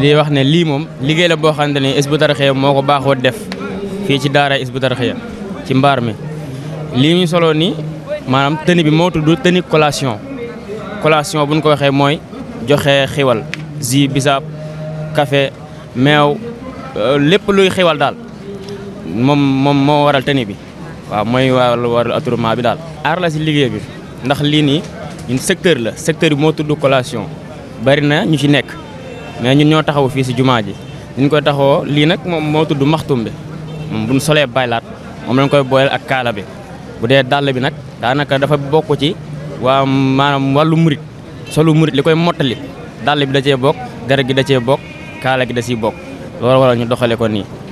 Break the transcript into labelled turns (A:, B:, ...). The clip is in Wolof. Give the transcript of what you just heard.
A: li wax ne lii moom liggéey la boo xamante ne Hizbut Tarqiyyah moo ko baaxoo def fii ci daara Hizbut Tarqiyyah ci mbaar mi lii ñu solo nii maanaam tëni bi moo tudd tëni collation collation bu ñu ko waxee mooy joxe xiwal zi bisaab café meew euh, lépp luy xiwal daal moom moom moo waral tëni bi waaw mooy waral waral atourement bi daal aar la si liggéey bi ndax lii nii ñun secteur la secteur bi moo tudd collation bari na ñu ci nekk mais ñun ñoo taxaw fii si jumaa ji ñu koy taxawoo lii nag moom moo tudd maxtum bi moom bu ñu solee baylaat moom lañ koy booleel ak kaala bi bu dee dàll bi nag daanaka dafa bokk ci waa maa wàllu murit solu murit li koy mottali dàll bi da cee bokk deret gi da cee bokk kaala gi da ciy bokk loolu waral ñu doxale ko nii